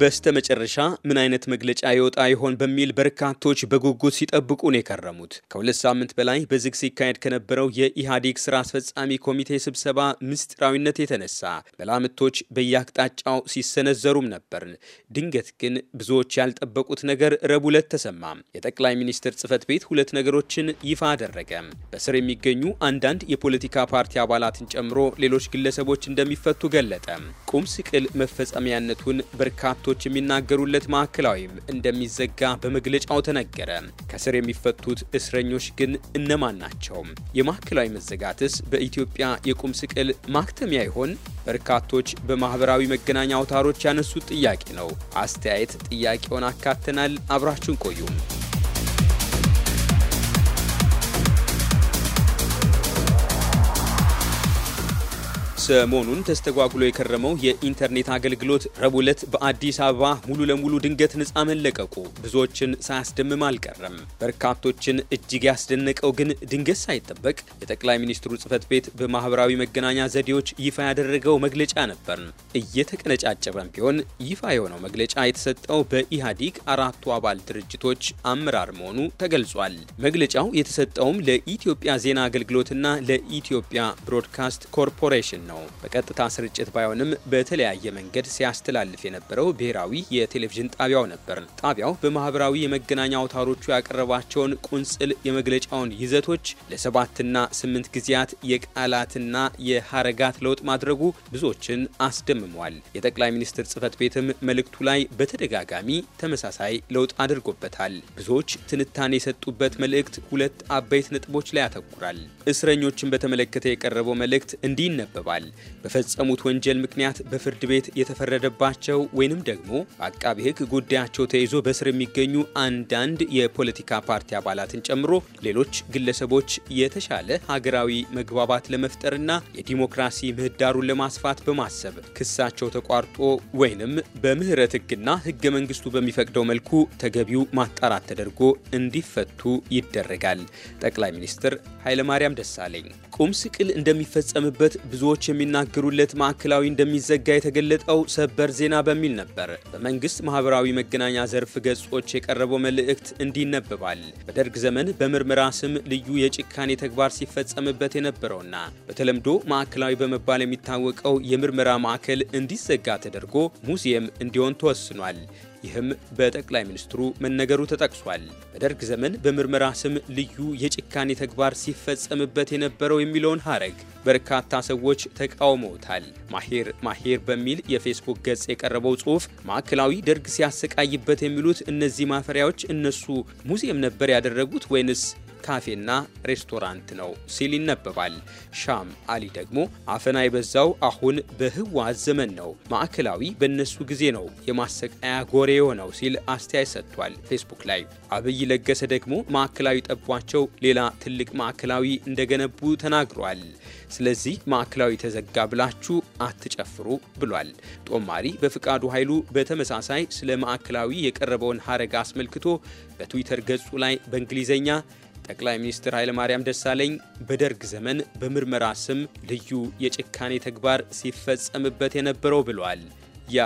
በስተመጨረሻ ምን አይነት መግለጫ ይወጣ ይሆን በሚል በርካቶች በጉጉት ሲጠብቁ ነው የከረሙት። ከሁለት ሳምንት በላይ በዝግ ሲካሄድ ከነበረው የኢህአዴግ ስራ አስፈጻሚ ኮሚቴ ስብሰባ ምስጢራዊነት የተነሳ መላምቶች በየአቅጣጫው ሲሰነዘሩም ነበር። ድንገት ግን ብዙዎች ያልጠበቁት ነገር ረቡዕ ዕለት ተሰማ። የጠቅላይ ሚኒስትር ጽህፈት ቤት ሁለት ነገሮችን ይፋ አደረገ። በስር የሚገኙ አንዳንድ የፖለቲካ ፓርቲ አባላትን ጨምሮ ሌሎች ግለሰቦች እንደሚፈቱ ገለጠ። ቁም ስቅል መፈጸሚያነቱን በርካታ በርካቶች የሚናገሩለት ማዕከላዊም እንደሚዘጋ በመግለጫው ተነገረ። ከስር የሚፈቱት እስረኞች ግን እነማን ናቸው? የማዕከላዊ መዘጋትስ በኢትዮጵያ የቁም ስቅል ማክተሚያ ይሆን? በርካቶች በማህበራዊ መገናኛ አውታሮች ያነሱት ጥያቄ ነው። አስተያየት ጥያቄውን አካተናል። አብራችሁን ቆዩም ሰሞኑን ተስተጓጉሎ የከረመው የኢንተርኔት አገልግሎት ረቡዕ ዕለት በአዲስ አበባ ሙሉ ለሙሉ ድንገት ነፃ መለቀቁ ብዙዎችን ሳያስደምም አልቀረም። በርካቶችን እጅግ ያስደነቀው ግን ድንገት ሳይጠበቅ የጠቅላይ ሚኒስትሩ ጽህፈት ቤት በማህበራዊ መገናኛ ዘዴዎች ይፋ ያደረገው መግለጫ ነበር። እየተቀነጫጨበም ቢሆን ይፋ የሆነው መግለጫ የተሰጠው በኢህአዲግ አራቱ አባል ድርጅቶች አመራር መሆኑ ተገልጿል። መግለጫው የተሰጠውም ለኢትዮጵያ ዜና አገልግሎትና ለኢትዮጵያ ብሮድካስት ኮርፖሬሽን ነው። በቀጥታ ስርጭት ባይሆንም በተለያየ መንገድ ሲያስተላልፍ የነበረው ብሔራዊ የቴሌቪዥን ጣቢያው ነበር። ጣቢያው በማህበራዊ የመገናኛ አውታሮቹ ያቀረባቸውን ቁንጽል የመግለጫውን ይዘቶች ለሰባትና ስምንት ጊዜያት የቃላትና የሀረጋት ለውጥ ማድረጉ ብዙዎችን አስደምሟል። የጠቅላይ ሚኒስትር ጽህፈት ቤትም መልእክቱ ላይ በተደጋጋሚ ተመሳሳይ ለውጥ አድርጎበታል። ብዙዎች ትንታኔ የሰጡበት መልእክት ሁለት አበይት ነጥቦች ላይ ያተኩራል። እስረኞችን በተመለከተ የቀረበው መልእክት እንዲህ ይነበባል። ተናግረዋል። በፈጸሙት ወንጀል ምክንያት በፍርድ ቤት የተፈረደባቸው ወይንም ደግሞ በአቃቢ ሕግ ጉዳያቸው ተይዞ በስር የሚገኙ አንዳንድ የፖለቲካ ፓርቲ አባላትን ጨምሮ ሌሎች ግለሰቦች የተሻለ ሀገራዊ መግባባት ለመፍጠርና የዲሞክራሲ ምህዳሩን ለማስፋት በማሰብ ክሳቸው ተቋርጦ ወይንም በምህረት ሕግና ሕገ መንግስቱ በሚፈቅደው መልኩ ተገቢው ማጣራት ተደርጎ እንዲፈቱ ይደረጋል። ጠቅላይ ሚኒስትር ኃይለማርያም ደሳለኝ ቁም ስቅል እንደሚፈጸምበት ብዙዎች የሚናገሩለት ማዕከላዊ እንደሚዘጋ የተገለጠው ሰበር ዜና በሚል ነበር። በመንግስት ማህበራዊ መገናኛ ዘርፍ ገጾች የቀረበው መልእክት እንዲነበባል። በደርግ ዘመን በምርመራ ስም ልዩ የጭካኔ ተግባር ሲፈጸምበት የነበረውና በተለምዶ ማዕከላዊ በመባል የሚታወቀው የምርመራ ማዕከል እንዲዘጋ ተደርጎ ሙዚየም እንዲሆን ተወስኗል። ይህም በጠቅላይ ሚኒስትሩ መነገሩ ተጠቅሷል። በደርግ ዘመን በምርመራ ስም ልዩ የጭካኔ ተግባር ሲፈጸምበት የነበረው የሚለውን ሀረግ በርካታ ሰዎች ተቃውመውታል። ማሄር ማሄር በሚል የፌስቡክ ገጽ የቀረበው ጽሑፍ ማዕከላዊ ደርግ ሲያሰቃይበት የሚሉት እነዚህ ማፈሪያዎች እነሱ ሙዚየም ነበር ያደረጉት ወይንስ ካፌና ሬስቶራንት ነው ሲል ይነበባል። ሻም አሊ ደግሞ አፈና የበዛው አሁን በህዋት ዘመን ነው፣ ማዕከላዊ በእነሱ ጊዜ ነው የማሰቃያ ጎሬ የሆነው ሲል አስተያየት ሰጥቷል ፌስቡክ ላይ። አብይ ለገሰ ደግሞ ማዕከላዊ ጠቧቸው ሌላ ትልቅ ማዕከላዊ እንደገነቡ ተናግሯል። ስለዚህ ማዕከላዊ ተዘጋ ብላችሁ አትጨፍሩ ብሏል። ጦማሪ በፍቃዱ ኃይሉ በተመሳሳይ ስለ ማዕከላዊ የቀረበውን ሀረግ አስመልክቶ በትዊተር ገጹ ላይ በእንግሊዝኛ ጠቅላይ ሚኒስትር ኃይለማርያም ደሳለኝ በደርግ ዘመን በምርመራ ስም ልዩ የጭካኔ ተግባር ሲፈጸምበት የነበረው ብሏል። ያ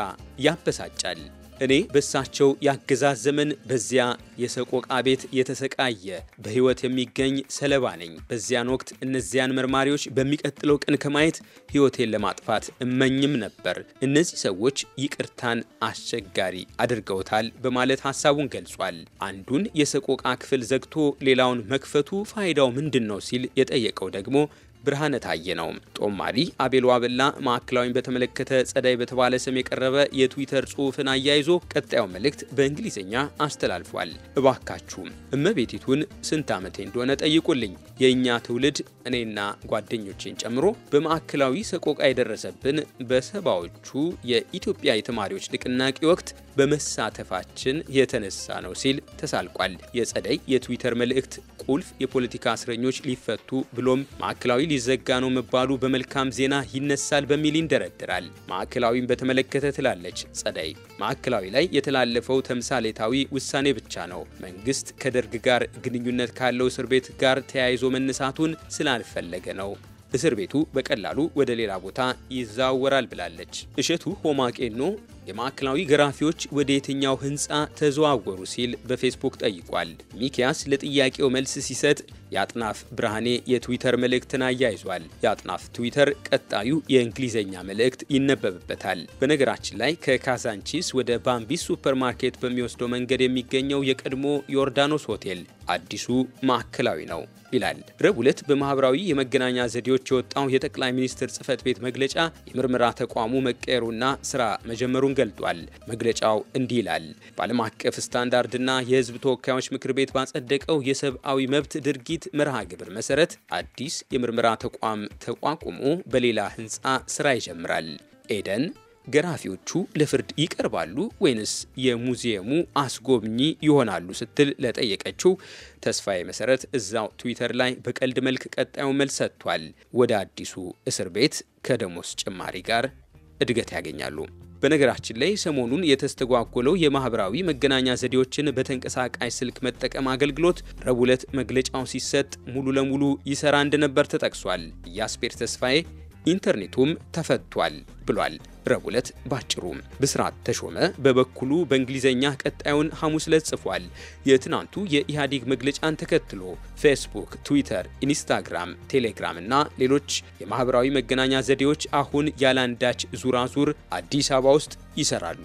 ያበሳጫል። እኔ በሳቸው ያገዛዝ ዘመን በዚያ የሰቆቃ ቤት የተሰቃየ በሕይወት የሚገኝ ሰለባ ነኝ። በዚያን ወቅት እነዚያን መርማሪዎች በሚቀጥለው ቀን ከማየት ሕይወቴን ለማጥፋት እመኝም ነበር። እነዚህ ሰዎች ይቅርታን አስቸጋሪ አድርገውታል በማለት ሀሳቡን ገልጿል። አንዱን የሰቆቃ ክፍል ዘግቶ ሌላውን መክፈቱ ፋይዳው ምንድን ነው ሲል የጠየቀው ደግሞ ብርሃነ ታየ ነው። ጦማሪ አቤል ዋበላ ማዕከላዊን በተመለከተ ጸዳይ በተባለ ስም የቀረበ የትዊተር ጽሑፍን አያይዞ ቀጣዩ መልእክት በእንግሊዝኛ አስተላልፏል። እባካችሁ እመቤቲቱን ስንት ዓመቴ እንደሆነ ጠይቁልኝ። የእኛ ትውልድ እኔና ጓደኞቼን ጨምሮ በማዕከላዊ ሰቆቃ የደረሰብን በሰባዎቹ የኢትዮጵያ የተማሪዎች ንቅናቄ ወቅት በመሳተፋችን የተነሳ ነው ሲል ተሳልቋል። የጸደይ የትዊተር መልእክት ቁልፍ የፖለቲካ እስረኞች ሊፈቱ ብሎም ማዕከላዊ ሊዘጋ ነው መባሉ በመልካም ዜና ይነሳል በሚል ይንደረድራል። ማዕከላዊን በተመለከተ ትላለች ጸደይ። ማዕከላዊ ላይ የተላለፈው ተምሳሌታዊ ውሳኔ ብቻ ነው። መንግስት ከደርግ ጋር ግንኙነት ካለው እስር ቤት ጋር ተያይዞ መነሳቱን ስላ ስላልፈለገ ነው። እስር ቤቱ በቀላሉ ወደ ሌላ ቦታ ይዛወራል ብላለች። እሸቱ ሆማቄኖ የማዕከላዊ ገራፊዎች ወደ የትኛው ህንፃ ተዘዋወሩ ሲል በፌስቡክ ጠይቋል። ሚኪያስ ለጥያቄው መልስ ሲሰጥ የአጥናፍ ብርሃኔ የትዊተር መልእክትን አያይዟል። የአጥናፍ ትዊተር ቀጣዩ የእንግሊዝኛ መልእክት ይነበብበታል። በነገራችን ላይ ከካዛንቺስ ወደ ባምቢስ ሱፐርማርኬት በሚወስደው መንገድ የሚገኘው የቀድሞ ዮርዳኖስ ሆቴል አዲሱ ማዕከላዊ ነው ይላል። ረቡዕ ዕለት በማህበራዊ የመገናኛ ዘዴዎች የወጣው የጠቅላይ ሚኒስትር ጽህፈት ቤት መግለጫ የምርመራ ተቋሙ መቀየሩና ስራ መጀመሩን ገልጧል። መግለጫው እንዲህ ይላል። በዓለም አቀፍ ስታንዳርድና የህዝብ ተወካዮች ምክር ቤት ባጸደቀው የሰብአዊ መብት ድርጊት ውይይት መርሃ ግብር መሰረት አዲስ የምርመራ ተቋም ተቋቁሞ በሌላ ህንፃ ስራ ይጀምራል። ኤደን ገራፊዎቹ ለፍርድ ይቀርባሉ ወይንስ የሙዚየሙ አስጎብኚ ይሆናሉ ስትል ለጠየቀችው ተስፋዬ መሰረት እዛው ትዊተር ላይ በቀልድ መልክ ቀጣዩ መልስ ሰጥቷል። ወደ አዲሱ እስር ቤት ከደሞዝ ጭማሪ ጋር እድገት ያገኛሉ። በነገራችን ላይ ሰሞኑን የተስተጓጎለው የማህበራዊ መገናኛ ዘዴዎችን በተንቀሳቃሽ ስልክ መጠቀም አገልግሎት ረቡዕ ዕለት መግለጫው ሲሰጥ ሙሉ ለሙሉ ይሰራ እንደነበር ተጠቅሷል። የአስፔር ተስፋዬ ኢንተርኔቱም ተፈቷል ብሏል። ረቡዕ ዕለት ባጭሩ። ብስራት ተሾመ በበኩሉ በእንግሊዝኛ ቀጣዩን ሐሙስ ዕለት ጽፏል። የትናንቱ የኢህአዴግ መግለጫን ተከትሎ ፌስቡክ፣ ትዊተር፣ ኢንስታግራም፣ ቴሌግራም እና ሌሎች የማህበራዊ መገናኛ ዘዴዎች አሁን ያላንዳች ዙራዙር አዲስ አበባ ውስጥ ይሰራሉ።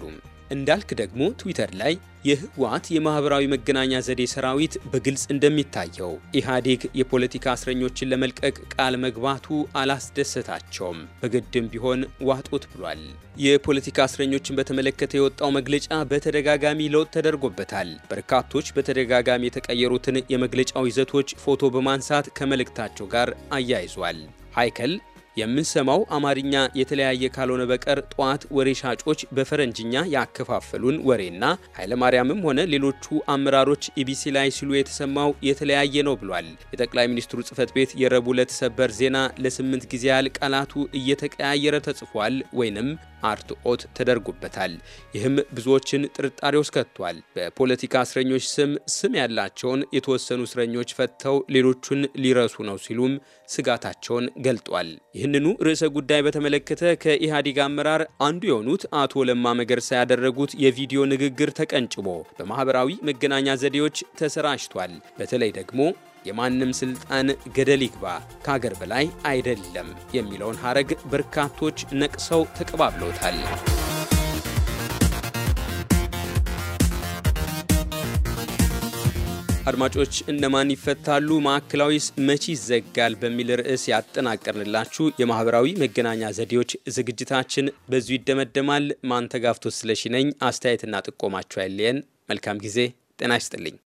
እንዳልክ ደግሞ ትዊተር ላይ የህወሓት የማህበራዊ መገናኛ ዘዴ ሰራዊት በግልጽ እንደሚታየው ኢህአዴግ የፖለቲካ እስረኞችን ለመልቀቅ ቃል መግባቱ አላስደሰታቸውም፣ በግድም ቢሆን ዋጡት ብሏል። የፖለቲካ እስረኞችን በተመለከተ የወጣው መግለጫ በተደጋጋሚ ለውጥ ተደርጎበታል። በርካቶች በተደጋጋሚ የተቀየሩትን የመግለጫው ይዘቶች ፎቶ በማንሳት ከመልእክታቸው ጋር አያይዟል። ሃይከል የምንሰማው አማርኛ የተለያየ ካልሆነ በቀር ጠዋት ወሬ ሻጮች በፈረንጅኛ ያከፋፈሉን ወሬና ኃይለማርያምም ሆነ ሌሎቹ አመራሮች ኢቢሲ ላይ ሲሉ የተሰማው የተለያየ ነው ብሏል። የጠቅላይ ሚኒስትሩ ጽህፈት ቤት የረቡዕ ዕለት ሰበር ዜና ለስምንት ጊዜ ያህል ቃላቱ እየተቀያየረ ተጽፏል ወይንም አርትኦት ተደርጎበታል። ይህም ብዙዎችን ጥርጣሬ ውስጥ ከቷል። በፖለቲካ እስረኞች ስም ስም ያላቸውን የተወሰኑ እስረኞች ፈተው ሌሎቹን ሊረሱ ነው ሲሉም ስጋታቸውን ገልጧል። ይህንኑ ርዕሰ ጉዳይ በተመለከተ ከኢህአዴግ አመራር አንዱ የሆኑት አቶ ለማ መገርሳ ያደረጉት የቪዲዮ ንግግር ተቀንጭቦ በማህበራዊ መገናኛ ዘዴዎች ተሰራጭቷል። በተለይ ደግሞ የማንም ስልጣን ገደል ይግባ ከአገር በላይ አይደለም የሚለውን ሀረግ በርካቶች ነቅሰው ተቀባብለውታል። አድማጮች እነማን ይፈታሉ ማዕከላዊስ መቼ ይዘጋል በሚል ርዕስ ያጠናቀርንላችሁ የማህበራዊ መገናኛ ዘዴዎች ዝግጅታችን በዙ ይደመደማል። ማንተጋፍቶ ስለሺ ነኝ። አስተያየትና ጥቆማችሁ አይለየን። መልካም ጊዜ። ጤና ይስጥልኝ።